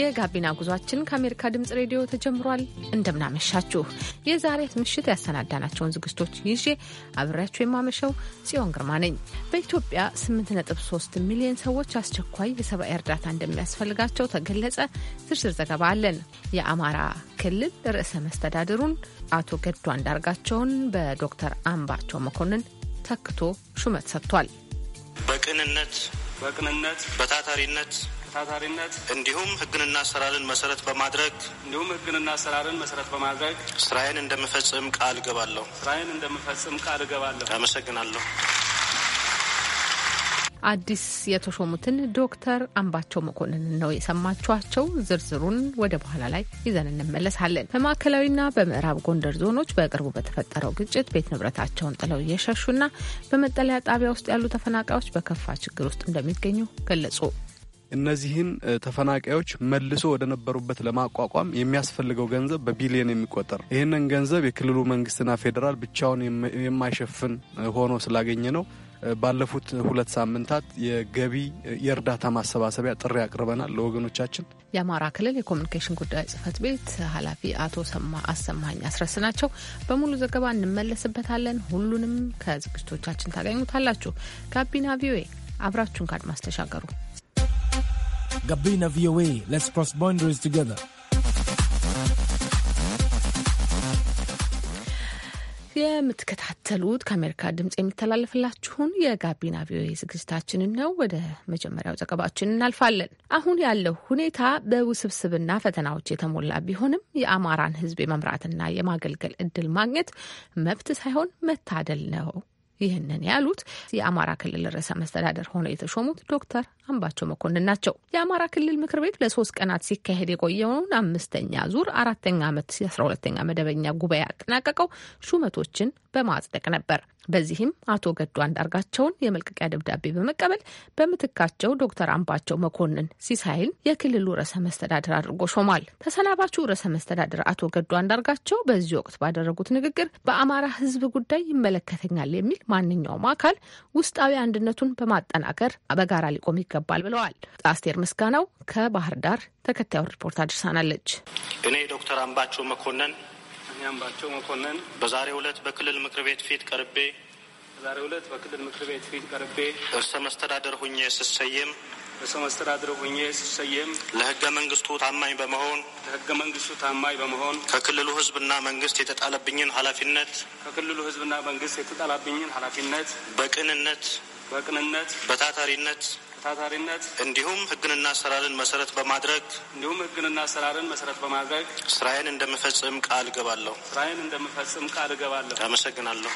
የጋቢና ጉዟችን ከአሜሪካ ድምጽ ሬዲዮ ተጀምሯል። እንደምናመሻችሁ የዛሬት ምሽት ያሰናዳናቸውን ዝግጅቶች ይዤ አብሬያችሁ የማመሸው ጽዮን ግርማ ነኝ። በኢትዮጵያ 8.3 ሚሊዮን ሰዎች አስቸኳይ የሰብአዊ እርዳታ እንደሚያስፈልጋቸው ተገለጸ። ዝርዝር ዘገባ አለን። የአማራ ክልል ርዕሰ መስተዳድሩን አቶ ገዱ አንዳርጋቸውን በዶክተር አምባቸው መኮንን ተክቶ ሹመት ሰጥቷል። በቅንነት በቅንነት በታታሪነት ታታሪነት እንዲሁም ህግንና አሰራርን መሰረት በማድረግ እንዲሁም ህግንና አሰራርን መሰረት በማድረግ ስራዬን እንደምፈጽም ቃል እገባለሁ ስራዬን እንደምፈጽም ቃል እገባለሁ። አመሰግናለሁ። አዲስ የተሾሙትን ዶክተር አምባቸው መኮንንን ነው የሰማችኋቸው። ዝርዝሩን ወደ በኋላ ላይ ይዘን እንመለሳለን። በማዕከላዊና በምዕራብ ጎንደር ዞኖች በቅርቡ በተፈጠረው ግጭት ቤት ንብረታቸውን ጥለው እየሸሹና በመጠለያ ጣቢያ ውስጥ ያሉ ተፈናቃዮች በከፋ ችግር ውስጥ እንደሚገኙ ገለጹ። እነዚህን ተፈናቃዮች መልሶ ወደ ነበሩበት ለማቋቋም የሚያስፈልገው ገንዘብ በቢሊየን የሚቆጠር ይህንን ገንዘብ የክልሉ መንግስትና ፌዴራል ብቻውን የማይሸፍን ሆኖ ስላገኘ ነው። ባለፉት ሁለት ሳምንታት የገቢ የእርዳታ ማሰባሰቢያ ጥሪ አቅርበናል ለወገኖቻችን። የአማራ ክልል የኮሚኒኬሽን ጉዳይ ጽህፈት ቤት ኃላፊ አቶ ሰማ አሰማኝ አስረስ ናቸው። በሙሉ ዘገባ እንመለስበታለን። ሁሉንም ከዝግጅቶቻችን ታገኙታላችሁ። ጋቢና ቪኦኤ አብራችሁን ካድማስ ተሻገሩ። Gabina VOA. Let's cross boundaries together. የምትከታተሉት ከአሜሪካ ድምጽ የሚተላለፍላችሁን የጋቢና ቪኦኤ ዝግጅታችንን ነው። ወደ መጀመሪያው ዘገባችን እናልፋለን። አሁን ያለው ሁኔታ በውስብስብና ፈተናዎች የተሞላ ቢሆንም የአማራን ሕዝብ የመምራትና የማገልገል እድል ማግኘት መብት ሳይሆን መታደል ነው ይህንን ያሉት የአማራ ክልል ርዕሰ መስተዳደር ሆነው የተሾሙት ዶክተር አምባቸው መኮንን ናቸው። የአማራ ክልል ምክር ቤት ለሶስት ቀናት ሲካሄድ የቆየውን አምስተኛ ዙር አራተኛ ዓመት የአስራ ሁለተኛ መደበኛ ጉባኤ አጠናቀቀው ሹመቶችን በማጽደቅ ነበር። በዚህም አቶ ገዱ አንዳርጋቸውን የመልቀቂያ ደብዳቤ በመቀበል በምትካቸው ዶክተር አምባቸው መኮንን ሲሳይን የክልሉ ርዕሰ መስተዳድር አድርጎ ሾሟል። ተሰናባቹ ርዕሰ መስተዳድር አቶ ገዱ አንዳርጋቸው በዚህ ወቅት ባደረጉት ንግግር በአማራ ሕዝብ ጉዳይ ይመለከተኛል የሚል ማንኛውም አካል ውስጣዊ አንድነቱን በማጠናከር በጋራ ሊቆም ይገባል ብለዋል። አስቴር ምስጋናው ከባህር ዳር ተከታዩን ሪፖርት አድርሳናለች። እኔ ዶክተር አምባቸው መኮንን ያምባቸው መኮንን በዛሬ ዕለት በክልል ምክር ቤት ፊት ቀርቤ በዛሬ ዕለት በክልል ምክር ቤት ፊት ቀርቤ እርሰ መስተዳደር ሁኜ ስሰየም እርሰ መስተዳድር ሁኜ ስሰየም ለህገ መንግስቱ ታማኝ በመሆን ለህገ መንግስቱ ታማኝ በመሆን ከክልሉ ህዝብና መንግስት የተጣለብኝን ኃላፊነት ከክልሉ ህዝብና መንግስት የተጣለብኝን ኃላፊነት በቅንነት በቅንነት በታታሪነት ታታሪነት እንዲሁም ህግንና አሰራርን መሰረት በማድረግ እንዲሁም ህግንና አሰራርን መሰረት በማድረግ ስራዬን እንደምፈጽም ቃል እገባለሁ ስራዬን እንደምፈጽም ቃል እገባለሁ። አመሰግናለሁ።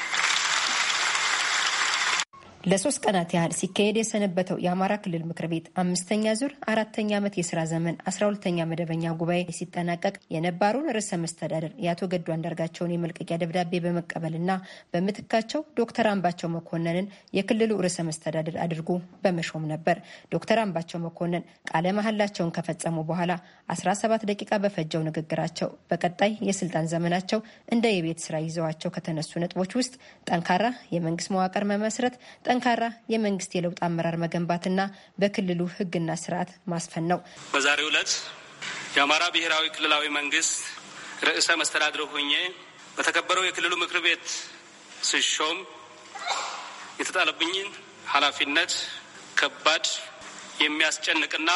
ለሶስት ቀናት ያህል ሲካሄድ የሰነበተው የአማራ ክልል ምክር ቤት አምስተኛ ዙር አራተኛ ዓመት የስራ ዘመን አስራ ሁለተኛ መደበኛ ጉባኤ ሲጠናቀቅ የነባሩን ርዕሰ መስተዳደር የአቶ ገዱ አንዳርጋቸውን የመልቀቂያ ደብዳቤ በመቀበልና በምትካቸው ዶክተር አምባቸው መኮንንን የክልሉ ርዕሰ መስተዳደር አድርጎ በመሾም ነበር። ዶክተር አምባቸው መኮንን ቃለ መሐላቸውን ከፈጸሙ በኋላ 17 ደቂቃ በፈጀው ንግግራቸው በቀጣይ የስልጣን ዘመናቸው እንደ የቤት ስራ ይዘዋቸው ከተነሱ ነጥቦች ውስጥ ጠንካራ የመንግስት መዋቅር መመስረት ጠንካራ የመንግስት የለውጥ አመራር መገንባትና በክልሉ ህግና ስርዓት ማስፈን ነው። በዛሬው ዕለት የአማራ ብሔራዊ ክልላዊ መንግስት ርዕሰ መስተዳድር ሆኜ በተከበረው የክልሉ ምክር ቤት ስሾም የተጣለብኝን ኃላፊነት ከባድ የሚያስጨንቅና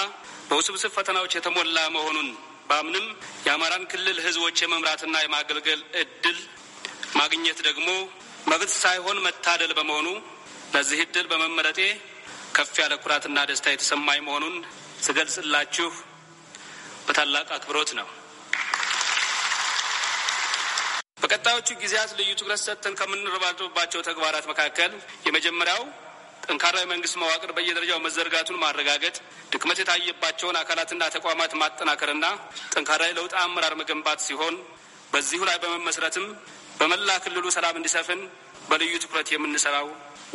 በውስብስብ ፈተናዎች የተሞላ መሆኑን በአምንም የአማራን ክልል ህዝቦች የመምራትና የማገልገል እድል ማግኘት ደግሞ መብት ሳይሆን መታደል በመሆኑ በዚህ እድል በመመረጤ ከፍ ያለ ኩራትና ደስታ የተሰማኝ መሆኑን ስገልጽላችሁ በታላቅ አክብሮት ነው። በቀጣዮቹ ጊዜያት ልዩ ትኩረት ሰጥተን ከምንረባረብባቸው ተግባራት መካከል የመጀመሪያው ጠንካራ የመንግስት መዋቅር በየደረጃው መዘርጋቱን ማረጋገጥ፣ ድክመት የታየባቸውን አካላትና ተቋማት ማጠናከርና ጠንካራ የለውጥ አመራር መገንባት ሲሆን በዚሁ ላይ በመመስረትም በመላ ክልሉ ሰላም እንዲሰፍን በልዩ ትኩረት የምንሰራው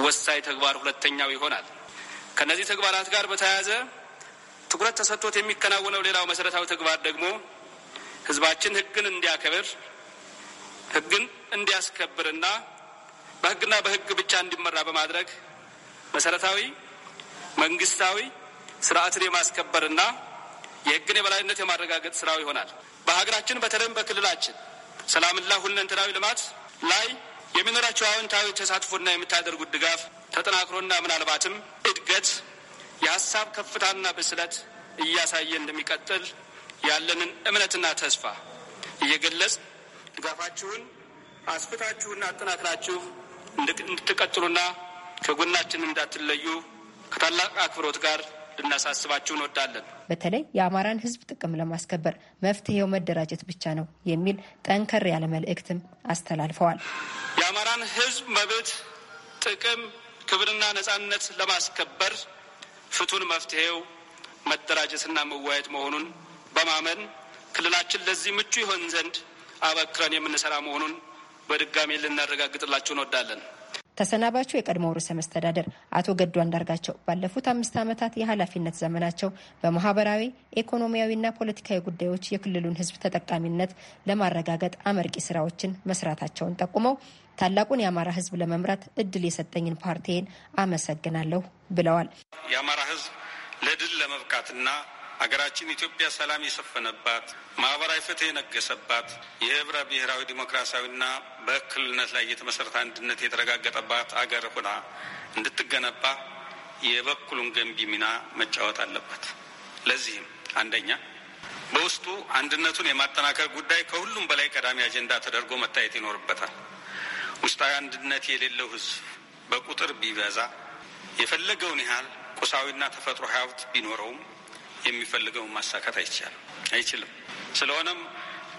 ወሳኝ ተግባር ሁለተኛው ይሆናል። ከእነዚህ ተግባራት ጋር በተያያዘ ትኩረት ተሰጥቶት የሚከናወነው ሌላው መሰረታዊ ተግባር ደግሞ ህዝባችን ህግን እንዲያከብር ህግን እንዲያስከብርና በህግና በህግ ብቻ እንዲመራ በማድረግ መሰረታዊ መንግስታዊ ስርዓትን የማስከበርና የህግን የበላይነት የማረጋገጥ ስራው ይሆናል። በሀገራችን በተለይም በክልላችን ሰላምና ሁለንተናዊ ልማት ላይ የሚኖራቸው አዎንታዊ ተሳትፎና የምታደርጉት ድጋፍ ተጠናክሮና ምናልባትም እድገት የሀሳብ ከፍታና ብስለት እያሳየ እንደሚቀጥል ያለንን እምነትና ተስፋ እየገለጽ ድጋፋችሁን አስፍታችሁና አጠናክራችሁ እንድትቀጥሉና ከጎናችን እንዳትለዩ ከታላቅ አክብሮት ጋር ልናሳስባችሁ እንወዳለን። በተለይ የአማራን ሕዝብ ጥቅም ለማስከበር መፍትሄው መደራጀት ብቻ ነው የሚል ጠንከር ያለ መልእክትም አስተላልፈዋል። የአማራን ህዝብ መብት፣ ጥቅም፣ ክብርና ነጻነት ለማስከበር ፍቱን መፍትሄው መደራጀትና መዋየት መሆኑን በማመን ክልላችን ለዚህ ምቹ ይሆን ዘንድ አበክረን የምንሰራ መሆኑን በድጋሚ ልናረጋግጥላችሁ እንወዳለን። ተሰናባቹ የቀድሞው ርዕሰ መስተዳደር አቶ ገዱ አንዳርጋቸው ባለፉት አምስት ዓመታት የኃላፊነት ዘመናቸው በማህበራዊ ኢኮኖሚያዊና ፖለቲካዊ ጉዳዮች የክልሉን ህዝብ ተጠቃሚነት ለማረጋገጥ አመርቂ ስራዎችን መስራታቸውን ጠቁመው ታላቁን የአማራ ህዝብ ለመምራት እድል የሰጠኝን ፓርቲን አመሰግናለሁ ብለዋል። የአማራ ህዝብ ለድል ለመብቃትና ሀገራችን ኢትዮጵያ ሰላም የሰፈነባት ማህበራዊ ፍትህ የነገሰባት የህብረ ብሔራዊ ዲሞክራሲያዊና በእክልነት ላይ የተመሰረተ አንድነት የተረጋገጠባት አገር ሆና እንድትገነባ የበኩሉን ገንቢ ሚና መጫወት አለበት። ለዚህም አንደኛ በውስጡ አንድነቱን የማጠናከር ጉዳይ ከሁሉም በላይ ቀዳሚ አጀንዳ ተደርጎ መታየት ይኖርበታል። ውስጣዊ አንድነት የሌለው ህዝብ በቁጥር ቢበዛ የፈለገውን ያህል ቁሳዊና ተፈጥሮ ሀብት ቢኖረውም የሚፈልገውን ማሳካት አይቻልም አይችልም። ስለሆነም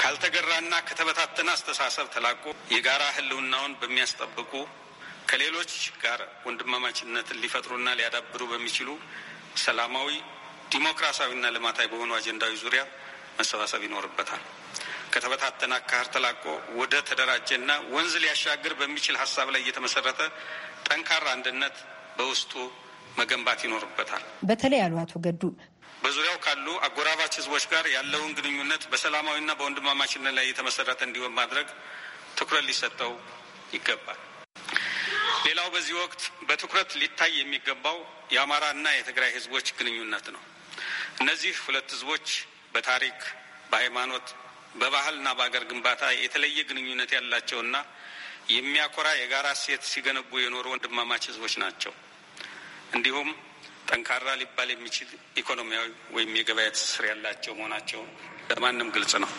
ካልተገራና ከተበታተነ አስተሳሰብ ተላቆ የጋራ ህልውናውን በሚያስጠብቁ ከሌሎች ጋር ወንድማማችነትን ሊፈጥሩና ሊያዳብሩ በሚችሉ ሰላማዊ ዲሞክራሲያዊና ልማታዊ በሆኑ አጀንዳዊ ዙሪያ መሰባሰብ ይኖርበታል። ከተበታተነ አካህር ተላቆ ወደ ተደራጀና ወንዝ ሊያሻግር በሚችል ሀሳብ ላይ እየተመሰረተ ጠንካራ አንድነት በውስጡ መገንባት ይኖርበታል። በተለይ አሉ አቶ ገዱ በዙሪያው ካሉ አጎራባች ህዝቦች ጋር ያለውን ግንኙነት በሰላማዊና በወንድማማችነት ላይ የተመሰረተ እንዲሆን ማድረግ ትኩረት ሊሰጠው ይገባል። ሌላው በዚህ ወቅት በትኩረት ሊታይ የሚገባው የአማራና የትግራይ ህዝቦች ግንኙነት ነው። እነዚህ ሁለት ህዝቦች በታሪክ፣ በሃይማኖት፣ በባህልና በአገር ግንባታ የተለየ ግንኙነት ያላቸውና የሚያኮራ የጋራ እሴት ሲገነቡ የኖሩ ወንድማማች ህዝቦች ናቸው። እንዲሁም ጠንካራ ሊባል የሚችል ኢኮኖሚያዊ ወይም የገበያ ትስስር ያላቸው መሆናቸው ለማንም ግልጽ ነው።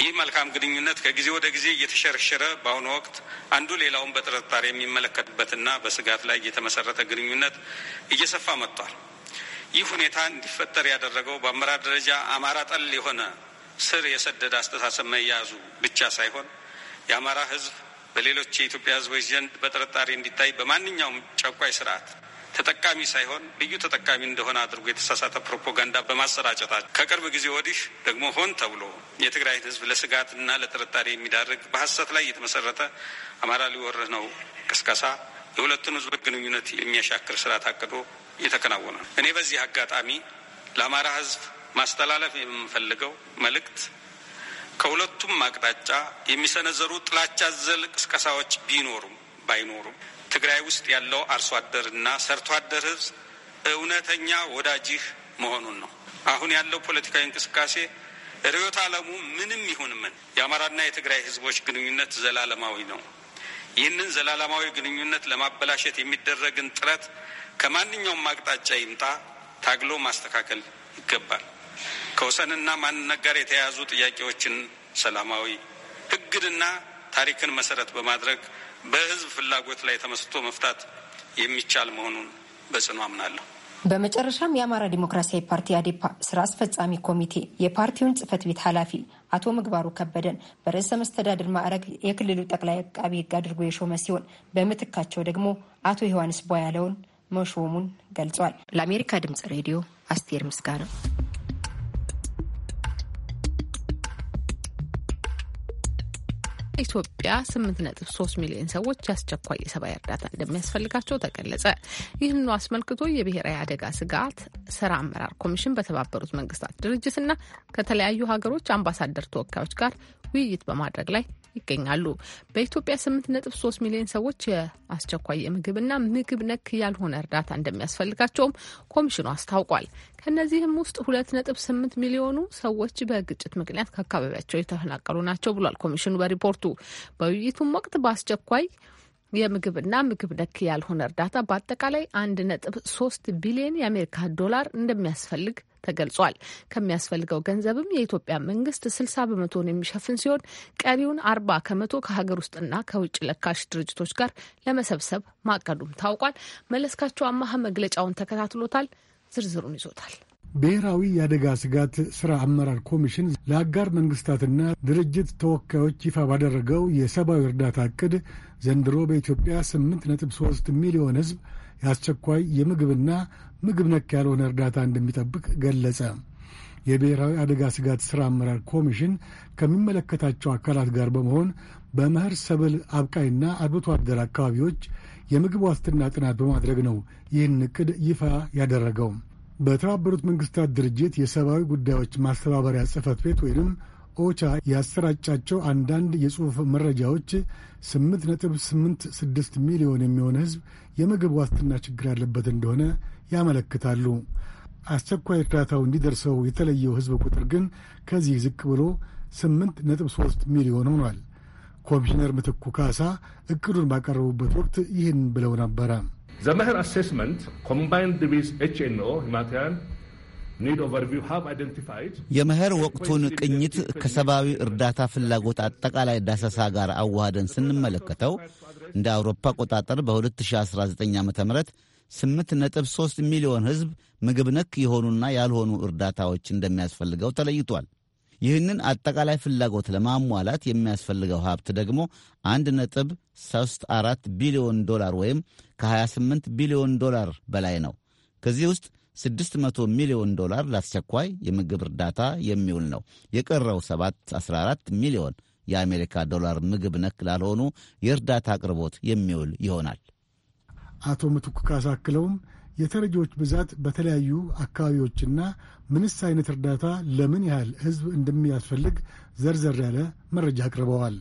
ይህ መልካም ግንኙነት ከጊዜ ወደ ጊዜ እየተሸረሸረ በአሁኑ ወቅት አንዱ ሌላውን በጥርጣሬ የሚመለከትበትና በስጋት ላይ የተመሰረተ ግንኙነት እየሰፋ መጥቷል። ይህ ሁኔታ እንዲፈጠር ያደረገው በአመራር ደረጃ አማራ ጠል የሆነ ስር የሰደደ አስተሳሰብ መያዙ ብቻ ሳይሆን የአማራ ህዝብ በሌሎች የኢትዮጵያ ህዝቦች ዘንድ በጥርጣሬ እንዲታይ በማንኛውም ጨቋይ ስርዓት ተጠቃሚ ሳይሆን ልዩ ተጠቃሚ እንደሆነ አድርጎ የተሳሳተ ፕሮፓጋንዳ በማሰራጨታቸው ከቅርብ ጊዜ ወዲህ ደግሞ ሆን ተብሎ የትግራይን ህዝብ ለስጋትና ለጥርጣሬ የሚዳርግ በሀሰት ላይ የተመሰረተ አማራ ሊወርህ ነው ቅስቀሳ የሁለቱን ህዝቦች ግንኙነት የሚያሻክር ስራ ታቅዶ እየተከናወነ ነው። እኔ በዚህ አጋጣሚ ለአማራ ህዝብ ማስተላለፍ የምንፈልገው መልእክት ከሁለቱም አቅጣጫ የሚሰነዘሩ ጥላቻ ዘል ቅስቀሳዎች ቢኖሩም ባይኖሩም ትግራይ ውስጥ ያለው አርሶ አደርና ሰርቶ አደር ህዝብ እውነተኛ ወዳጅህ መሆኑን ነው። አሁን ያለው ፖለቲካዊ እንቅስቃሴ ርዕዮተ ዓለሙ ምንም ይሁን ምን የአማራና የትግራይ ህዝቦች ግንኙነት ዘላለማዊ ነው። ይህንን ዘላለማዊ ግንኙነት ለማበላሸት የሚደረግን ጥረት ከማንኛውም አቅጣጫ ይምጣ ታግሎ ማስተካከል ይገባል። ከወሰንና ማንነት ጋር የተያያዙ ጥያቄዎችን ሰላማዊ ህግንና ታሪክን መሰረት በማድረግ በህዝብ ፍላጎት ላይ ተመስርቶ መፍታት የሚቻል መሆኑን በጽኑ አምናለሁ። በመጨረሻም የአማራ ዲሞክራሲያዊ ፓርቲ አዴፓ ስራ አስፈጻሚ ኮሚቴ የፓርቲውን ጽህፈት ቤት ኃላፊ አቶ ምግባሩ ከበደን በርዕሰ መስተዳድር ማዕረግ የክልሉ ጠቅላይ አቃቢ ህግ አድርጎ የሾመ ሲሆን በምትካቸው ደግሞ አቶ ዮሐንስ ቧያለውን መሾሙን ገልጿል። ለአሜሪካ ድምጽ ሬዲዮ አስቴር ምስጋና ነው። ኢትዮጵያ 8.3 ሚሊዮን ሰዎች የአስቸኳይ የሰብአዊ እርዳታ እንደሚያስፈልጋቸው ተገለጸ። ይህንኑ አስመልክቶ የብሔራዊ አደጋ ስጋት ስራ አመራር ኮሚሽን በተባበሩት መንግስታት ድርጅትና ከተለያዩ ሀገሮች አምባሳደር ተወካዮች ጋር ውይይት በማድረግ ላይ ይገኛሉ። በኢትዮጵያ 8.3 ሚሊዮን ሰዎች የአስቸኳይ የምግብና ምግብ ነክ ያልሆነ እርዳታ እንደሚያስፈልጋቸውም ኮሚሽኑ አስታውቋል። ከእነዚህም ውስጥ 2.8 ሚሊዮኑ ሰዎች በግጭት ምክንያት ከአካባቢያቸው የተፈናቀሉ ናቸው ብሏል ኮሚሽኑ በሪፖርቱ። በውይይቱም ወቅት በአስቸኳይ የምግብና ምግብ ነክ ያልሆነ እርዳታ በአጠቃላይ አንድ ነጥብ ሶስት ቢሊዮን የአሜሪካ ዶላር እንደሚያስፈልግ ተገልጿል። ከሚያስፈልገው ገንዘብም የኢትዮጵያ መንግስት ስልሳ በመቶን የሚሸፍን ሲሆን ቀሪውን አርባ ከመቶ ከሀገር ውስጥና ከውጭ ለካሽ ድርጅቶች ጋር ለመሰብሰብ ማቀዱም ታውቋል። መለስካቸው አማሀ መግለጫውን ተከታትሎታል፣ ዝርዝሩን ይዞታል። ብሔራዊ የአደጋ ስጋት ሥራ አመራር ኮሚሽን ለአጋር መንግሥታትና ድርጅት ተወካዮች ይፋ ባደረገው የሰብአዊ እርዳታ ዕቅድ ዘንድሮ በኢትዮጵያ 8.3 ሚሊዮን ሕዝብ የአስቸኳይ የምግብና ምግብ ነክ ያልሆነ እርዳታ እንደሚጠብቅ ገለጸ። የብሔራዊ አደጋ ስጋት ሥራ አመራር ኮሚሽን ከሚመለከታቸው አካላት ጋር በመሆን በመኸር ሰብል አብቃይና አርብቶ አደር አካባቢዎች የምግብ ዋስትና ጥናት በማድረግ ነው ይህን ዕቅድ ይፋ ያደረገው። በተባበሩት መንግስታት ድርጅት የሰብአዊ ጉዳዮች ማስተባበሪያ ጽህፈት ቤት ወይም ኦቻ ያሰራጫቸው አንዳንድ የጽሑፍ መረጃዎች 8.86 ሚሊዮን የሚሆን ህዝብ የምግብ ዋስትና ችግር ያለበት እንደሆነ ያመለክታሉ። አስቸኳይ እርዳታው እንዲደርሰው የተለየው ህዝብ ቁጥር ግን ከዚህ ዝቅ ብሎ 8.3 ሚሊዮን ሆኗል። ኮሚሽነር ምትኩ ካሳ እቅዱን ባቀረቡበት ወቅት ይህን ብለው ነበረ። The Maher assessment combined with HNO, Himatian, የመኸር ወቅቱን ቅኝት ከሰብአዊ እርዳታ ፍላጎት አጠቃላይ ዳሰሳ ጋር አዋህደን ስንመለከተው እንደ አውሮፓ አቆጣጠር በ2019 ዓ ም 8.3 ሚሊዮን ሕዝብ ምግብ ነክ የሆኑና ያልሆኑ እርዳታዎች እንደሚያስፈልገው ተለይቷል። ይህንን አጠቃላይ ፍላጎት ለማሟላት የሚያስፈልገው ሀብት ደግሞ 1.34 ቢሊዮን ዶላር ወይም ከ28 ቢሊዮን ዶላር በላይ ነው። ከዚህ ውስጥ 600 ሚሊዮን ዶላር ለአስቸኳይ የምግብ እርዳታ የሚውል ነው። የቀረው 714 ሚሊዮን የአሜሪካ ዶላር ምግብ ነክ ላልሆኑ የእርዳታ አቅርቦት የሚውል ይሆናል። አቶ ምትኩ ካሳክለውም የተረጂዎች ብዛት በተለያዩ አካባቢዎችና ምንስ አይነት እርዳታ ለምን ያህል ህዝብ እንደሚያስፈልግ ዘርዘር ያለ መረጃ አቅርበዋል።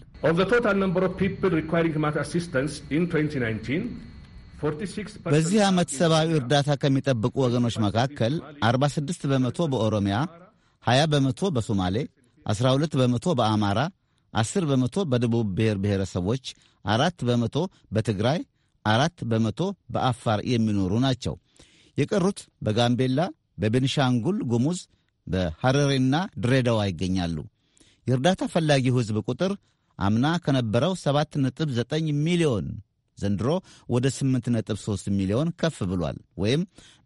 በዚህ ዓመት ሰብአዊ እርዳታ ከሚጠብቁ ወገኖች መካከል 46 በመቶ በኦሮሚያ፣ 20 በመቶ በሶማሌ፣ 12 በመቶ በአማራ፣ 10 በመቶ በደቡብ ብሔር ብሔረሰቦች፣ አራት በመቶ በትግራይ፣ አራት በመቶ በአፋር የሚኖሩ ናቸው። የቀሩት በጋምቤላ፣ በቤንሻንጉል ጉሙዝ፣ በሐረሬና ድሬዳዋ ይገኛሉ። የእርዳታ ፈላጊው ሕዝብ ቁጥር አምና ከነበረው 7.9 ሚሊዮን ዘንድሮ ወደ 8.3 ሚሊዮን ከፍ ብሏል፣ ወይም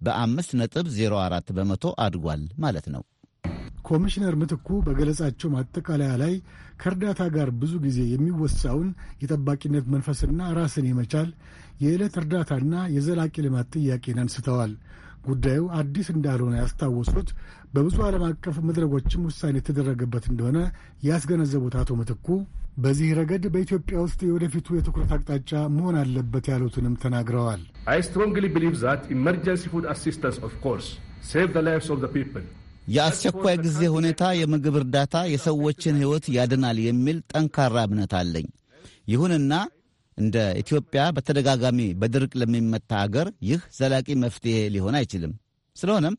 በ5.04 በመቶ አድጓል ማለት ነው። ኮሚሽነር ምትኩ በገለጻቸው ማጠቃለያ ላይ ከእርዳታ ጋር ብዙ ጊዜ የሚወሳውን የጠባቂነት መንፈስና ራስን የመቻል የዕለት እርዳታና የዘላቂ ልማት ጥያቄን አንስተዋል። ጉዳዩ አዲስ እንዳልሆነ ያስታወሱት በብዙ ዓለም አቀፍ መድረኮችም ውሳኔ የተደረገበት እንደሆነ ያስገነዘቡት አቶ ምትኩ በዚህ ረገድ በኢትዮጵያ ውስጥ የወደፊቱ የትኩረት አቅጣጫ መሆን አለበት ያሉትንም ተናግረዋል። አይ ስትሮንግሊ ቢሊቭ ዛት ኢመርጀንሲ ፉድ አሲስታንስ ኦፍ ኮርስ ሴቭ ዘ ላይቭስ ኦፍ ዘ ፒፕል የአስቸኳይ ጊዜ ሁኔታ የምግብ እርዳታ የሰዎችን ሕይወት ያድናል የሚል ጠንካራ እምነት አለኝ። ይሁንና እንደ ኢትዮጵያ በተደጋጋሚ በድርቅ ለሚመታ አገር ይህ ዘላቂ መፍትሔ ሊሆን አይችልም። ስለሆነም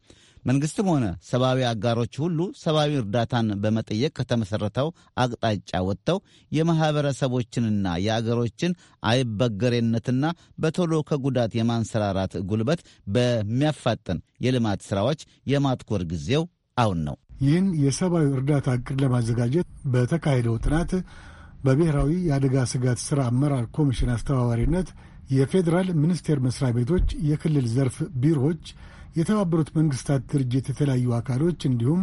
መንግስትም ሆነ ሰብአዊ አጋሮች ሁሉ ሰብአዊ እርዳታን በመጠየቅ ከተመሠረተው አቅጣጫ ወጥተው የማኅበረሰቦችንና የአገሮችን አይበገሬነትና በቶሎ ከጉዳት የማንሰራራት ጉልበት በሚያፋጥን የልማት ሥራዎች የማትኮር ጊዜው አሁን ነው። ይህን የሰብአዊ እርዳታ እቅድ ለማዘጋጀት በተካሄደው ጥናት በብሔራዊ የአደጋ ስጋት ሥራ አመራር ኮሚሽን አስተባባሪነት የፌዴራል ሚኒስቴር መስሪያ ቤቶች፣ የክልል ዘርፍ ቢሮዎች የተባበሩት መንግስታት ድርጅት የተለያዩ አካሎች እንዲሁም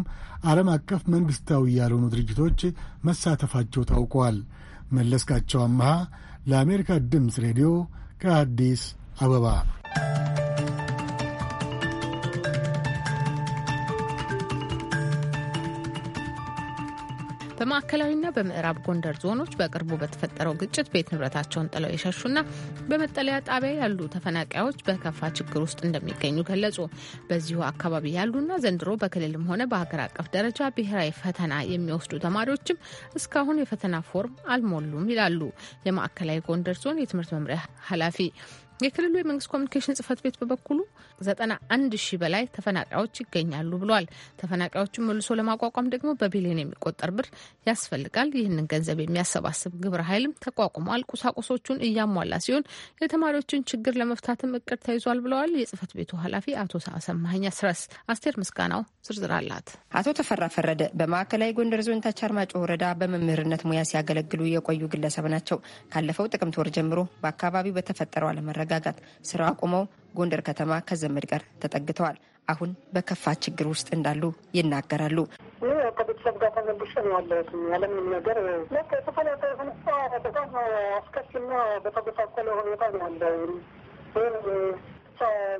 ዓለም አቀፍ መንግስታዊ ያልሆኑ ድርጅቶች መሳተፋቸው ታውቋል። መለስካቸው አመሃ ለአሜሪካ ድምፅ ሬዲዮ ከአዲስ አበባ በማዕከላዊና በምዕራብ ጎንደር ዞኖች በቅርቡ በተፈጠረው ግጭት ቤት ንብረታቸውን ጥለው የሸሹና በመጠለያ ጣቢያ ያሉ ተፈናቃዮች በከፋ ችግር ውስጥ እንደሚገኙ ገለጹ። በዚሁ አካባቢ ያሉና ዘንድሮ በክልልም ሆነ በሀገር አቀፍ ደረጃ ብሔራዊ ፈተና የሚወስዱ ተማሪዎችም እስካሁን የፈተና ፎርም አልሞሉም ይላሉ የማዕከላዊ ጎንደር ዞን የትምህርት መምሪያ ኃላፊ የክልሉ የመንግስት ኮሚኒኬሽን ጽህፈት ቤት በበኩሉ ዘጠና አንድ ሺህ በላይ ተፈናቃዮች ይገኛሉ ብለዋል። ተፈናቃዮችን መልሶ ለማቋቋም ደግሞ በቢሊዮን የሚቆጠር ብር ያስፈልጋል። ይህንን ገንዘብ የሚያሰባስብ ግብረ ኃይልም ተቋቁሟል። ቁሳቁሶቹን እያሟላ ሲሆን የተማሪዎችን ችግር ለመፍታትም እቅድ ተይዟል ብለዋል የጽህፈት ቤቱ ኃላፊ አቶ ሰማኸኝ ስረስ። አስቴር ምስጋናው ዝርዝር አላት። አቶ ተፈራ ፈረደ በማዕከላዊ ጎንደር ዞን ታች ወረዳ በመምህርነት ሙያ ሲያገለግሉ የቆዩ ግለሰብ ናቸው። ካለፈው ጥቅምት ወር ጀምሮ በአካባቢው በተፈጠረው አለመረጋ ለማረጋጋት ስራ አቁመው ጎንደር ከተማ ከዘመድ ጋር ተጠግተዋል። አሁን በከፋ ችግር ውስጥ እንዳሉ ይናገራሉ። ከቤተሰብ ጋር ተመልሼ ነው ያለሁት። ያለምንም ነገር ተፈላ ሁኔታ በጣም አስከፊና በተጎሳቆለ ሁኔታ ነው ያለ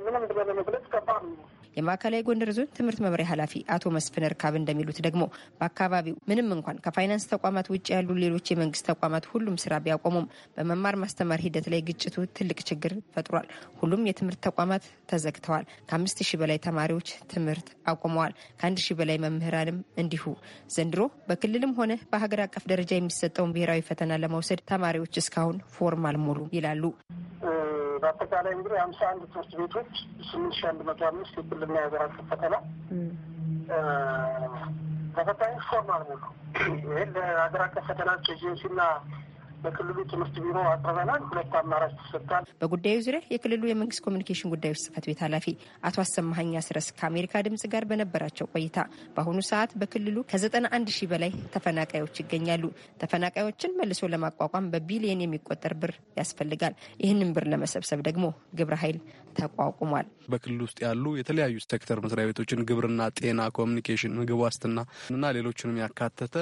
ምንም ብሎ ለመግለጽ ከባድ ነው። የማዕከላዊ ጎንደር ዞን ትምህርት መምሪያ ኃላፊ አቶ መስፍን እርካብ እንደሚሉት ደግሞ በአካባቢው ምንም እንኳን ከፋይናንስ ተቋማት ውጭ ያሉ ሌሎች የመንግስት ተቋማት ሁሉም ስራ ቢያቆሙም በመማር ማስተማር ሂደት ላይ ግጭቱ ትልቅ ችግር ፈጥሯል። ሁሉም የትምህርት ተቋማት ተዘግተዋል። ከአምስት ሺህ በላይ ተማሪዎች ትምህርት አቁመዋል። ከአንድ ሺህ በላይ መምህራንም እንዲሁ። ዘንድሮ በክልልም ሆነ በሀገር አቀፍ ደረጃ የሚሰጠውን ብሔራዊ ፈተና ለመውሰድ ተማሪዎች እስካሁን ፎርም አልሞሉም ይላሉ። በአጠቃላይ እንግዲህ ሀምሳ አንድ ትምህርት ቤቶች ስምንት ሺ አንድ መቶ አምስት የክልልና የሀገር አቀፍ ፈተና ተፈታኝ ፎርማል ሙሉ ይህ ለሀገር አቀፍ ፈተናዎች ኤጀንሲና በክልሉ ትምህርት ቢሮ አቅርበናል። ሁለት አማራጭ ተሰጥቷል። በጉዳዩ ዙሪያ የክልሉ የመንግስት ኮሚኒኬሽን ጉዳዮች ጽህፈት ቤት ኃላፊ አቶ አሰማሀኛ ስረስ ከአሜሪካ ድምጽ ጋር በነበራቸው ቆይታ በአሁኑ ሰዓት በክልሉ ከዘጠና አንድ ሺህ በላይ ተፈናቃዮች ይገኛሉ። ተፈናቃዮችን መልሶ ለማቋቋም በቢሊየን የሚቆጠር ብር ያስፈልጋል። ይህንን ብር ለመሰብሰብ ደግሞ ግብረ ኃይል ተቋቁሟል። በክልሉ ውስጥ ያሉ የተለያዩ ሴክተር መስሪያ ቤቶችን ግብርና፣ ጤና፣ ኮሚኒኬሽን፣ ምግብ ዋስትና እና ሌሎችንም ያካተተ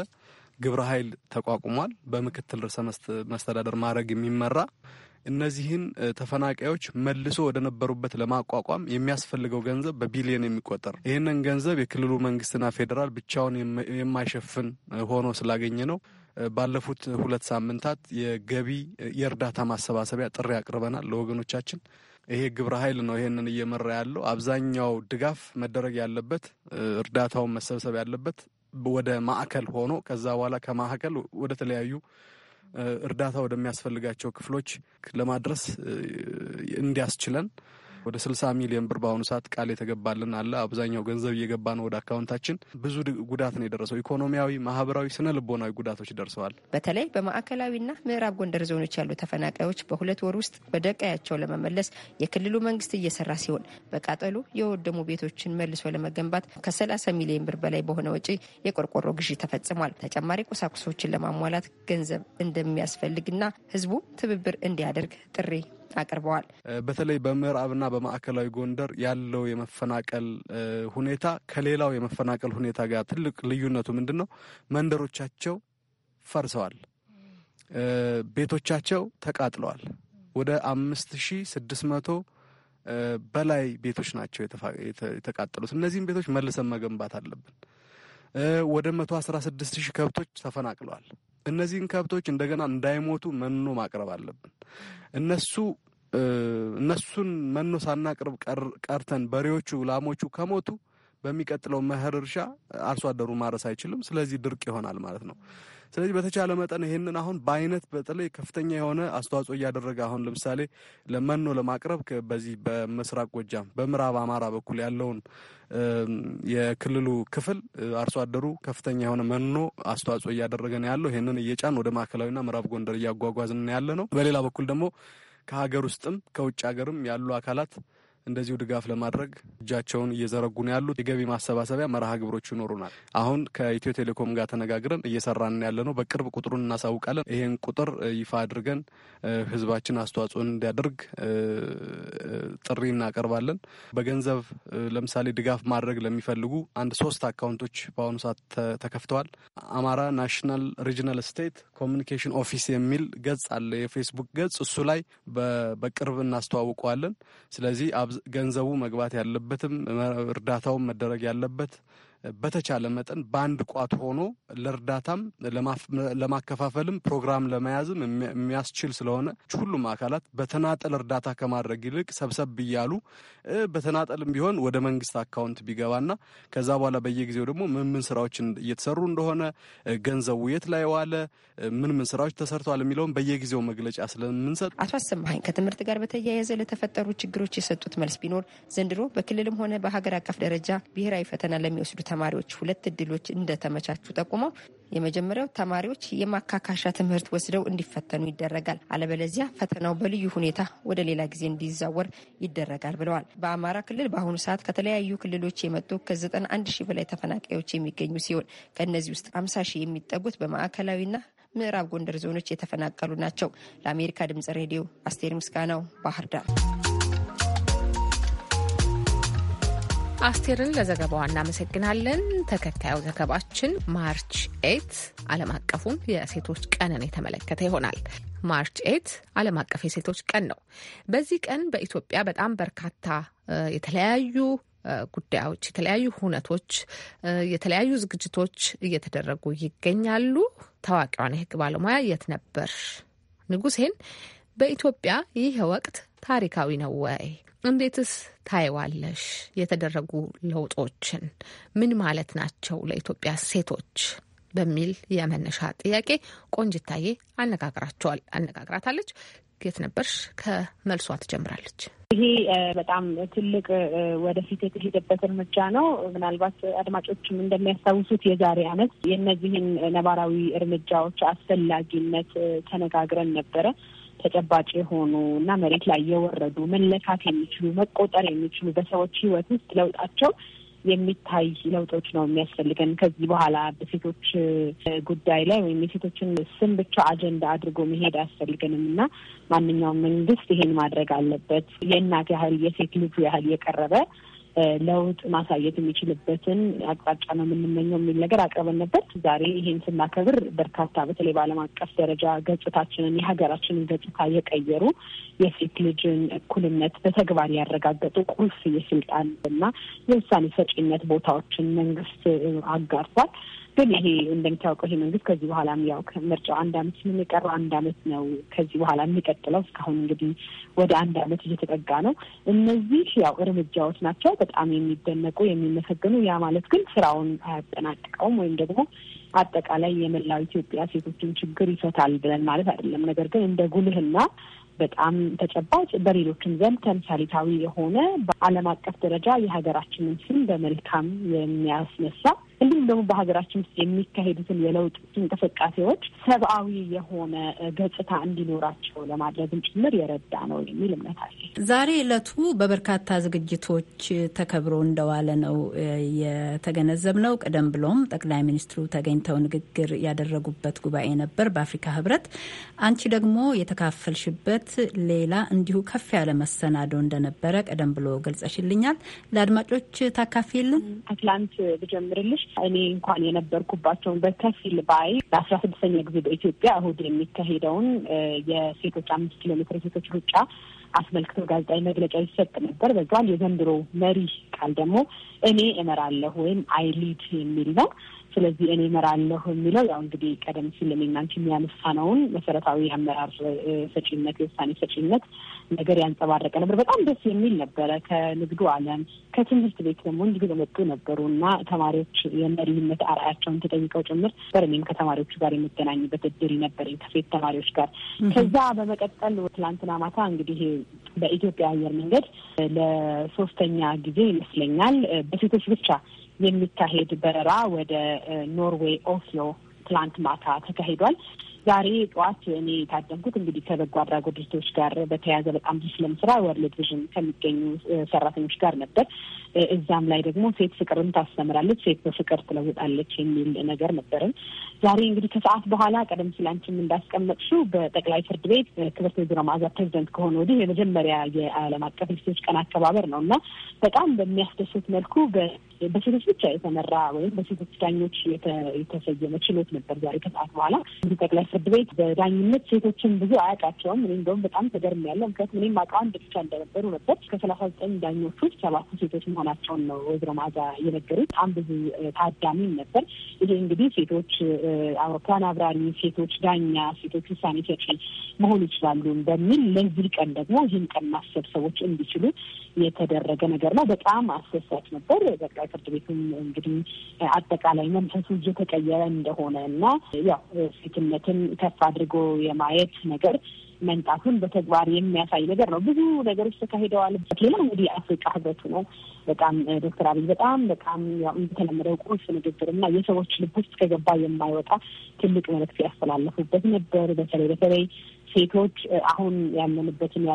ግብረ ኃይል ተቋቁሟል። በምክትል ርዕሰ መስተዳደር ማድረግ የሚመራ እነዚህን ተፈናቃዮች መልሶ ወደ ነበሩበት ለማቋቋም የሚያስፈልገው ገንዘብ በቢሊዮን የሚቆጠር ይህንን ገንዘብ የክልሉ መንግስትና ፌዴራል ብቻውን የማይሸፍን ሆኖ ስላገኘ ነው። ባለፉት ሁለት ሳምንታት የገቢ የእርዳታ ማሰባሰቢያ ጥሪ አቅርበናል ለወገኖቻችን። ይሄ ግብረ ኃይል ነው ይሄንን እየመራ ያለው። አብዛኛው ድጋፍ መደረግ ያለበት እርዳታውን መሰብሰብ ያለበት ወደ ማዕከል ሆኖ ከዛ በኋላ ከማዕከል ወደ ተለያዩ እርዳታ ወደሚያስፈልጋቸው ክፍሎች ለማድረስ እንዲያስችለን ወደ 60 ሚሊዮን ብር በአሁኑ ሰዓት ቃል የተገባልን አለ። አብዛኛው ገንዘብ እየገባ ነው ወደ አካውንታችን። ብዙ ጉዳት ነው የደረሰው። ኢኮኖሚያዊ፣ ማህበራዊ፣ ስነ ልቦናዊ ጉዳቶች ደርሰዋል። በተለይ በማዕከላዊና ምዕራብ ጎንደር ዞኖች ያሉ ተፈናቃዮች በሁለት ወር ውስጥ ወደ ቀያቸው ለመመለስ የክልሉ መንግስት እየሰራ ሲሆን በቃጠሎ የወደሙ ቤቶችን መልሶ ለመገንባት ከ30 ሚሊዮን ብር በላይ በሆነ ወጪ የቆርቆሮ ግዢ ተፈጽሟል። ተጨማሪ ቁሳቁሶችን ለማሟላት ገንዘብ እንደሚያስፈልግና ህዝቡ ትብብር እንዲያደርግ ጥሪ አቅርበዋል። በተለይ በምዕራብና በማዕከላዊ ጎንደር ያለው የመፈናቀል ሁኔታ ከሌላው የመፈናቀል ሁኔታ ጋር ትልቅ ልዩነቱ ምንድን ነው? መንደሮቻቸው ፈርሰዋል። ቤቶቻቸው ተቃጥለዋል። ወደ አምስት ሺ ስድስት መቶ በላይ ቤቶች ናቸው የተቃጠሉት። እነዚህም ቤቶች መልሰን መገንባት አለብን። ወደ መቶ አስራ ስድስት ሺህ ከብቶች ተፈናቅለዋል። እነዚህን ከብቶች እንደገና እንዳይሞቱ መኖ ማቅረብ አለብን። እነሱ እነሱን መኖ ሳናቅርብ ቀርተን በሬዎቹ፣ ላሞቹ ከሞቱ በሚቀጥለው መኸር እርሻ አርሶ አደሩ ማረስ አይችልም። ስለዚህ ድርቅ ይሆናል ማለት ነው። ስለዚህ በተቻለ መጠን ይህንን አሁን በአይነት በተለይ ከፍተኛ የሆነ አስተዋጽኦ እያደረገ አሁን ለምሳሌ ለመኖ ለማቅረብ በዚህ በምስራቅ ጎጃም በምዕራብ አማራ በኩል ያለውን የክልሉ ክፍል አርሶ አደሩ ከፍተኛ የሆነ መኖ አስተዋጽኦ እያደረገ ነው ያለው። ይህንን እየጫን ወደ ማዕከላዊና ምዕራብ ጎንደር እያጓጓዝን ያለ ነው። በሌላ በኩል ደግሞ ከሀገር ውስጥም ከውጭ ሀገርም ያሉ አካላት እንደዚሁ ድጋፍ ለማድረግ እጃቸውን እየዘረጉ ነው ያሉት። የገቢ ማሰባሰቢያ መርሃ ግብሮች ይኖሩናል። አሁን ከኢትዮ ቴሌኮም ጋር ተነጋግረን እየሰራን ያለ ነው። በቅርብ ቁጥሩን እናሳውቃለን። ይህን ቁጥር ይፋ አድርገን ህዝባችን አስተዋጽኦ እንዲያደርግ ጥሪ እናቀርባለን። በገንዘብ ለምሳሌ ድጋፍ ማድረግ ለሚፈልጉ አንድ ሶስት አካውንቶች በአሁኑ ሰዓት ተከፍተዋል። አማራ ናሽናል ሪጅናል ስቴት ኮሚኒኬሽን ኦፊስ የሚል ገጽ አለ፣ የፌስቡክ ገጽ። እሱ ላይ በቅርብ እናስተዋውቀዋለን። ስለዚህ ገንዘቡ መግባት ያለበትም እርዳታውን መደረግ ያለበት በተቻለ መጠን በአንድ ቋት ሆኖ ለእርዳታም ለማከፋፈልም ፕሮግራም ለመያዝም የሚያስችል ስለሆነ ሁሉም አካላት በተናጠል እርዳታ ከማድረግ ይልቅ ሰብሰብ እያሉ በተናጠልም ቢሆን ወደ መንግስት አካውንት ቢገባና ከዛ በኋላ በየጊዜው ደግሞ ምን ምን ስራዎች እየተሰሩ እንደሆነ ገንዘቡ የት ላይ ዋለ፣ ምን ምን ስራዎች ተሰርተዋል የሚለውን በየጊዜው መግለጫ ስለምንሰጥ አቶ አሰማሀኝ ከትምህርት ጋር በተያያዘ ለተፈጠሩ ችግሮች የሰጡት መልስ ቢኖር ዘንድሮ በክልልም ሆነ በሀገር አቀፍ ደረጃ ብሔራዊ ፈተና ለሚወስዱት ለተማሪዎች ሁለት እድሎች እንደተመቻቹ ጠቁመው የመጀመሪያው ተማሪዎች የማካካሻ ትምህርት ወስደው እንዲፈተኑ ይደረጋል። አለበለዚያ ፈተናው በልዩ ሁኔታ ወደ ሌላ ጊዜ እንዲዛወር ይደረጋል ብለዋል። በአማራ ክልል በአሁኑ ሰዓት ከተለያዩ ክልሎች የመጡ ከዘጠና አንድ ሺህ በላይ ተፈናቃዮች የሚገኙ ሲሆን ከእነዚህ ውስጥ አምሳ ሺህ የሚጠጉት በማዕከላዊና ምዕራብ ጎንደር ዞኖች የተፈናቀሉ ናቸው። ለአሜሪካ ድምጽ ሬዲዮ አስቴር ምስጋናው ባህር ዳር አስቴርን ለዘገባዋ እናመሰግናለን። ተከታዩ ዘገባችን ማርች ኤት ዓለም አቀፉን የሴቶች ቀንን የተመለከተ ይሆናል። ማርች ኤት ዓለም አቀፍ የሴቶች ቀን ነው። በዚህ ቀን በኢትዮጵያ በጣም በርካታ የተለያዩ ጉዳዮች፣ የተለያዩ ሁነቶች፣ የተለያዩ ዝግጅቶች እየተደረጉ ይገኛሉ። ታዋቂዋን የህግ ባለሙያ ነበር ንጉሴን በኢትዮጵያ ይህ ወቅት ታሪካዊ ነው ወይ? እንዴትስ ታይዋለሽ? የተደረጉ ለውጦችን ምን ማለት ናቸው ለኢትዮጵያ ሴቶች በሚል የመነሻ ጥያቄ ቆንጅታዬ አነጋግራቸዋል አነጋግራታለች። የት ነበርሽ? ከመልሷ ትጀምራለች። ይሄ በጣም ትልቅ ወደፊት የተሄደበት እርምጃ ነው። ምናልባት አድማጮችም እንደሚያስታውሱት የዛሬ ዓመት የእነዚህን ነባራዊ እርምጃዎች አስፈላጊነት ተነጋግረን ነበረ። ተጨባጭ የሆኑ እና መሬት ላይ የወረዱ መለካት የሚችሉ መቆጠር የሚችሉ በሰዎች ህይወት ውስጥ ለውጣቸው የሚታይ ለውጦች ነው የሚያስፈልገን። ከዚህ በኋላ በሴቶች ጉዳይ ላይ ወይም የሴቶችን ስም ብቻ አጀንዳ አድርጎ መሄድ አያስፈልገንም እና ማንኛውም መንግስት ይሄን ማድረግ አለበት። የእናት ያህል የሴት ልጁ ያህል የቀረበ ለውጥ ማሳየት የሚችልበትን አቅጣጫ ነው የምንመኘው የሚል ነገር አቅርበን ነበር። ዛሬ ይህን ስናከብር በርካታ በተለይ በዓለም አቀፍ ደረጃ ገጽታችንን የሀገራችንን ገጽታ የቀየሩ የሴት ልጅን እኩልነት በተግባር ያረጋገጡ ቁልፍ የስልጣን እና የውሳኔ ሰጪነት ቦታዎችን መንግስት አጋርቷል። ግን ይሄ እንደሚታወቀው ይሄ መንግስት ከዚህ በኋላ ያው ከምርጫው አንድ አመት ስለሚቀረው አንድ አመት ነው ከዚህ በኋላ የሚቀጥለው። እስካሁን እንግዲህ ወደ አንድ አመት እየተጠጋ ነው። እነዚህ ያው እርምጃዎች ናቸው በጣም የሚደነቁ የሚመሰገኑ። ያ ማለት ግን ስራውን አያጠናቅቀውም ወይም ደግሞ አጠቃላይ የመላው ኢትዮጵያ ሴቶችን ችግር ይፈታል ብለን ማለት አይደለም። ነገር ግን እንደ ጉልህና በጣም ተጨባጭ በሌሎችም ዘንድ ተምሳሌታዊ የሆነ በዓለም አቀፍ ደረጃ የሀገራችንን ስም በመልካም የሚያስነሳ እንዲሁም ደግሞ በሀገራችን ውስጥ የሚካሄዱትን የለውጥ እንቅስቃሴዎች ሰብአዊ የሆነ ገጽታ እንዲኖራቸው ለማድረግም ጭምር የረዳ ነው የሚል እምነት አለ። ዛሬ እለቱ በበርካታ ዝግጅቶች ተከብሮ እንደዋለ ነው የተገነዘብ ነው። ቀደም ብሎም ጠቅላይ ሚኒስትሩ ተገኝተው ንግግር ያደረጉበት ጉባኤ ነበር በአፍሪካ ህብረት። አንቺ ደግሞ የተካፈልሽበት ሌላ እንዲሁ ከፍ ያለ መሰናዶ እንደነበረ ቀደም ብሎ ገልጸሽልኛል። ለአድማጮች ታካፊልን አትላንት ብጀምርልሽ እኔ እንኳን የነበርኩባቸውን በከፊል ባይ ለአስራ ስድስተኛ ጊዜ በኢትዮጵያ እሁድ የሚካሄደውን የሴቶች አምስት ኪሎ ሜትር የሴቶች ሩጫ አስመልክቶ ጋዜጣዊ መግለጫ ይሰጥ ነበር። በዛል የዘንድሮ መሪ ቃል ደግሞ እኔ እመራለሁ ወይም አይሊድ የሚል ነው። ስለዚህ እኔ እመራለሁ የሚለው ያው እንግዲህ ቀደም ሲል እኔና የሚያነሳ ነውን መሰረታዊ የአመራር ሰጪነት፣ የውሳኔ ሰጪነት ነገር ያንጸባረቀ ነበር። በጣም ደስ የሚል ነበረ። ከንግዱ ዓለም ከትምህርት ቤት ደግሞ እንዲሁ የመጡ ነበሩ እና ተማሪዎች የመሪነት አርአያቸውን ተጠይቀው ጭምር በርኔም ከተማሪዎቹ ጋር የምገናኝበት እድል ነበር ከሴት ተማሪዎች ጋር። ከዛ በመቀጠል ትላንትና ማታ እንግዲህ በኢትዮጵያ አየር መንገድ ለሶስተኛ ጊዜ ይመስለኛል በሴቶች ብቻ የሚካሄድ በረራ ወደ ኖርዌይ ኦስሎ ትላንት ማታ ተካሂዷል። ዛሬ ጠዋት እኔ የታደምኩት እንግዲህ ከበጎ አድራጎት ድርጅቶች ጋር በተያያዘ በጣም ብዙ ስለምስራ ወርልድ ቪዥን ከሚገኙ ሰራተኞች ጋር ነበር። እዛም ላይ ደግሞ ሴት ፍቅርን ታስተምራለች፣ ሴት በፍቅር ትለውጣለች የሚል ነገር ነበርን። ዛሬ እንግዲህ ከሰዓት በኋላ ቀደም ሲል አንቺም እንዳስቀመጥሽው በጠቅላይ ፍርድ ቤት ክብርት ወይዘሮ መዓዛ ፕሬዚደንት ከሆነ ወዲህ የመጀመሪያ የዓለም አቀፍ የሴቶች ቀን አከባበር ነው እና በጣም በሚያስደስት መልኩ በሴቶች ብቻ የተመራ ወይም በሴቶች ዳኞች የተሰየመ ችሎት ነበር ዛሬ ከሰዓት በኋላ። እንግዲህ ጠቅላይ ፍርድ ቤት በዳኝነት ሴቶችን ብዙ አያውቃቸውም። እኔ እንደውም በጣም ተገርሜያለሁ። ምክንያቱም እኔም አውቃ አንድ ብቻ እንደነበሩ ነበር። ከሰላሳ ዘጠኝ ዳኞች ውስጥ ሰባቱ ሴቶች መሆናቸውን ነው ወይዘሮ ማዛ የነገሩት። በጣም ብዙ ታዳሚም ነበር። ይሄ እንግዲህ ሴቶች አውሮፕላን አብራሪ፣ ሴቶች ዳኛ፣ ሴቶች ውሳኔ ሰጪ መሆን ይችላሉ በሚል ለዚህ ቀን ደግሞ ይህን ቀን ማሰብ ሰዎች እንዲችሉ የተደረገ ነገር ነው። በጣም አስደሳች ነበር። በቃ ፍርድ ቤቱም እንግዲህ አጠቃላይ መንፈሱ እየተቀየረ እንደሆነ እና ያው ሴትነትን ከፍ አድርጎ የማየት ነገር መንጣቱን በተግባር የሚያሳይ ነገር ነው። ብዙ ነገሮች ተካሂደዋል። ሌላ እንግዲህ የአፍሪቃ ህብረቱ ነው በጣም ዶክተር አብይ በጣም በጣም እንደተለመደው ቁልፍ ንግግር እና የሰዎች ልብ ውስጥ ከገባ የማይወጣ ትልቅ መልዕክት ያስተላለፉበት ነበር። በተለይ በተለይ ሴቶች አሁን ያለንበትን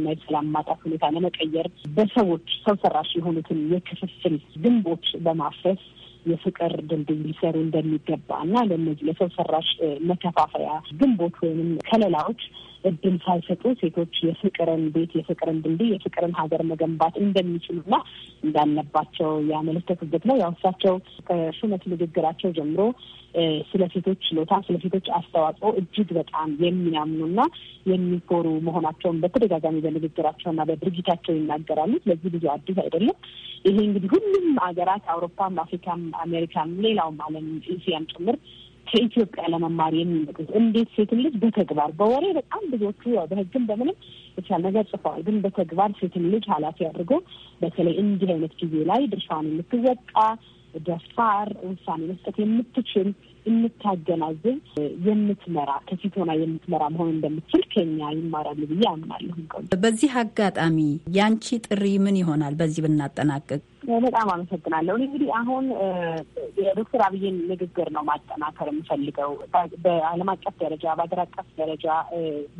እና የሰላም ማጣት ሁኔታ ለመቀየር በሰዎች ሰው ሰራሽ የሆኑትን የክፍፍል ግንቦች በማፍረስ የፍቅር ድልድይ ሊሰሩ እንደሚገባ እና ለእነዚህ ለሰው ሰራሽ መከፋፈያ ግንቦች ወይንም ከለላዎች እድል ሳይሰጡ ሴቶች የፍቅርን ቤት፣ የፍቅርን ድልድይ፣ የፍቅርን ሀገር መገንባት እንደሚችሉና እንዳለባቸው ያመለከቱበት ነው። ያው እሳቸው ከሹመት ንግግራቸው ጀምሮ ስለ ሴቶች ችሎታ፣ ስለ ሴቶች አስተዋጽኦ እጅግ በጣም የሚያምኑና የሚኮሩ መሆናቸውን በተደጋጋሚ በንግግራቸውና በድርጊታቸው ይናገራሉ። ስለዚህ ብዙ አዲስ አይደለም። ይሄ እንግዲህ ሁሉም ሀገራት አውሮፓም፣ አፍሪካም፣ አሜሪካም ሌላውም ዓለም እስያም ጭምር ከኢትዮጵያ ለመማር የሚመጡት እንዴት ሴት ልጅ በተግባር በወሬ በጣም ብዙዎቹ በህግም በምንም የተሻለ ነገር ጽፈዋል። ግን በተግባር ሴት ልጅ ኃላፊ አድርጎ በተለይ እንዲህ አይነት ጊዜ ላይ ድርሻዋን የምትወጣ ደፋር፣ ውሳኔ መስጠት የምትችል የምታገናዝብ፣ የምትመራ ከፊት ሆና የምትመራ መሆን እንደምትችል ከኛ ይማራሉ ብዬ አምናለሁ። በዚህ አጋጣሚ ያንቺ ጥሪ ምን ይሆናል? በዚህ ብናጠናቅቅ በጣም አመሰግናለሁ። እንግዲህ አሁን የዶክተር አብይን ንግግር ነው ማጠናከር የምፈልገው። በዓለም አቀፍ ደረጃ በሀገር አቀፍ ደረጃ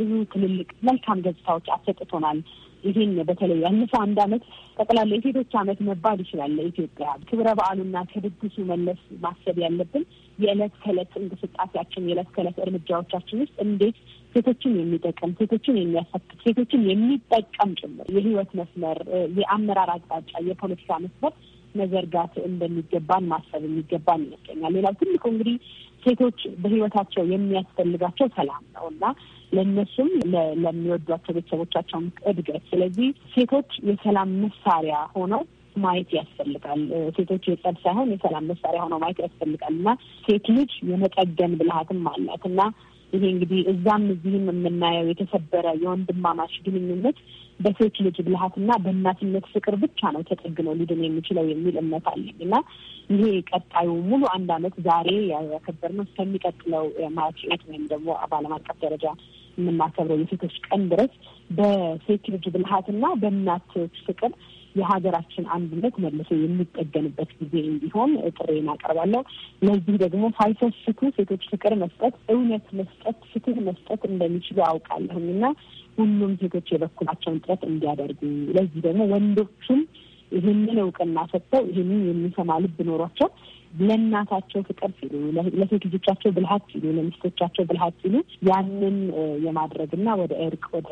ብዙ ትልልቅ መልካም ገጽታዎች አሰጥቶናል። ይህን በተለይ ያለፈው አንድ አመት ጠቅላላ የሴቶች አመት መባል ይችላል ለኢትዮጵያ። ክብረ በዓሉና ከድግሱ መለስ ማሰብ ያለብን የዕለት ከዕለት እንቅስቃሴያችን የዕለት ከዕለት እርምጃዎቻችን ውስጥ እንዴት ሴቶችን የሚጠቅም ሴቶችን የሚያሳትፍ ሴቶችን የሚጠቀም ጭምር የህይወት መስመር፣ የአመራር አቅጣጫ፣ የፖለቲካ መስመር መዘርጋት እንደሚገባን ማሰብ የሚገባን ይመስለኛል። ሌላው ትልቁ እንግዲህ ሴቶች በህይወታቸው የሚያስፈልጋቸው ሰላም ነው እና ለእነሱም ለሚወዷቸው ቤተሰቦቻቸውን እድገት። ስለዚህ ሴቶች የሰላም መሳሪያ ሆነው ማየት ያስፈልጋል። ሴቶች የጸብ ሳይሆን የሰላም መሳሪያ ሆነው ማየት ያስፈልጋል እና ሴት ልጅ የመጠገን ብልሃትም አላት እና ይሄ እንግዲህ እዛም እዚህም የምናየው የተሰበረ የወንድማማች ግንኙነት በሴት ልጅ ብልሃትና በእናትነት ፍቅር ብቻ ነው ተጠግኖ ሊድን የሚችለው የሚል እምነት አለኝ እና ይሄ ቀጣዩ ሙሉ አንድ አመት ዛሬ ያከበርነው እስከሚቀጥለው ማርች ኤት ወይም ደግሞ በዓለም አቀፍ ደረጃ የምናከብረው የሴቶች ቀን ድረስ በሴት ልጅ ብልሃትና በእናት ፍቅር የሀገራችን አንድነት መልሶ የሚጠገንበት ጊዜ እንዲሆን ጥሬን አቀርባለሁ። ለዚህ ደግሞ ሳይሰስቱ ሴቶች ፍቅር መስጠት፣ እውነት መስጠት፣ ፍትህ መስጠት እንደሚችሉ አውቃለሁም እና ሁሉም ሴቶች የበኩላቸውን ጥረት እንዲያደርጉ ለዚህ ደግሞ ወንዶቹም ይህንን እውቅና ሰጥተው ይህንን የሚሰማ ልብ ኖሯቸው ለእናታቸው ፍቅር ሲሉ፣ ለሴት ልጆቻቸው ብልሀት ሲሉ፣ ለሚስቶቻቸው ብልሀት ሲሉ ያንን የማድረግና ወደ እርቅ፣ ወደ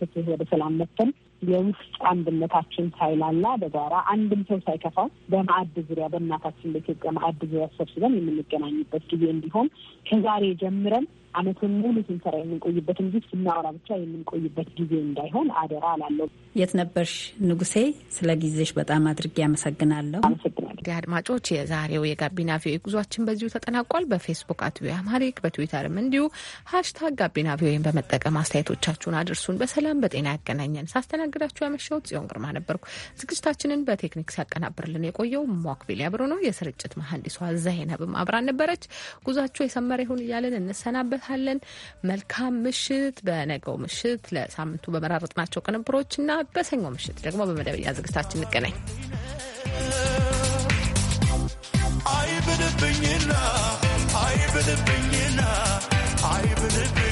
ፍትህ፣ ወደ ሰላም መተን የውስጥ አንድነታችን ሳይላላ በጋራ አንድም ሰው ሳይከፋው በማዕድ ዙሪያ በእናታችን በኢትዮጵያ ማዕድ ዙሪያ ሰብስበን የምንገናኝበት ጊዜ እንዲሆን ከዛሬ ጀምረን አመቱን ሙሉ ስንሰራ የምንቆይበት እንጂ ስናወራ ብቻ የምንቆይበት ጊዜ እንዳይሆን አደራ አላለሁ። የት ነበርሽ ንጉሴ? ስለ ጊዜሽ በጣም አድርጌ አመሰግናለሁ። አመሰግናለሁ። አድማጮች፣ የዛሬው የጋቢና ቪ ጉዟችን በዚሁ ተጠናቋል። በፌስቡክ አት አማሪክ፣ በትዊተርም እንዲሁ ሀሽታግ ጋቢና ቪ በመጠቀም አስተያየቶቻችሁን አድርሱን። በሰላም በጤና ያገናኘን ሳስተናል ሳስተናግዳችሁ ያመሻውት ጽዮን ግርማ ነበርኩ። ዝግጅታችንን በቴክኒክ ሲያቀናብርልን የቆየው ሞክቢል ያብሮ ነው። የስርጭት መሀንዲሷ ዘይነብም አብራን ነበረች። ጉዟችሁ የሰመረ ይሁን እያለን እንሰናበታለን። መልካም ምሽት። በነገው ምሽት ለሳምንቱ በመራረጥናቸው ቅንብሮች እና በሰኞ ምሽት ደግሞ በመደበኛ ዝግጅታችን እንገናኝ። አይብልብኝና አይብልብኝና አይብልብኝ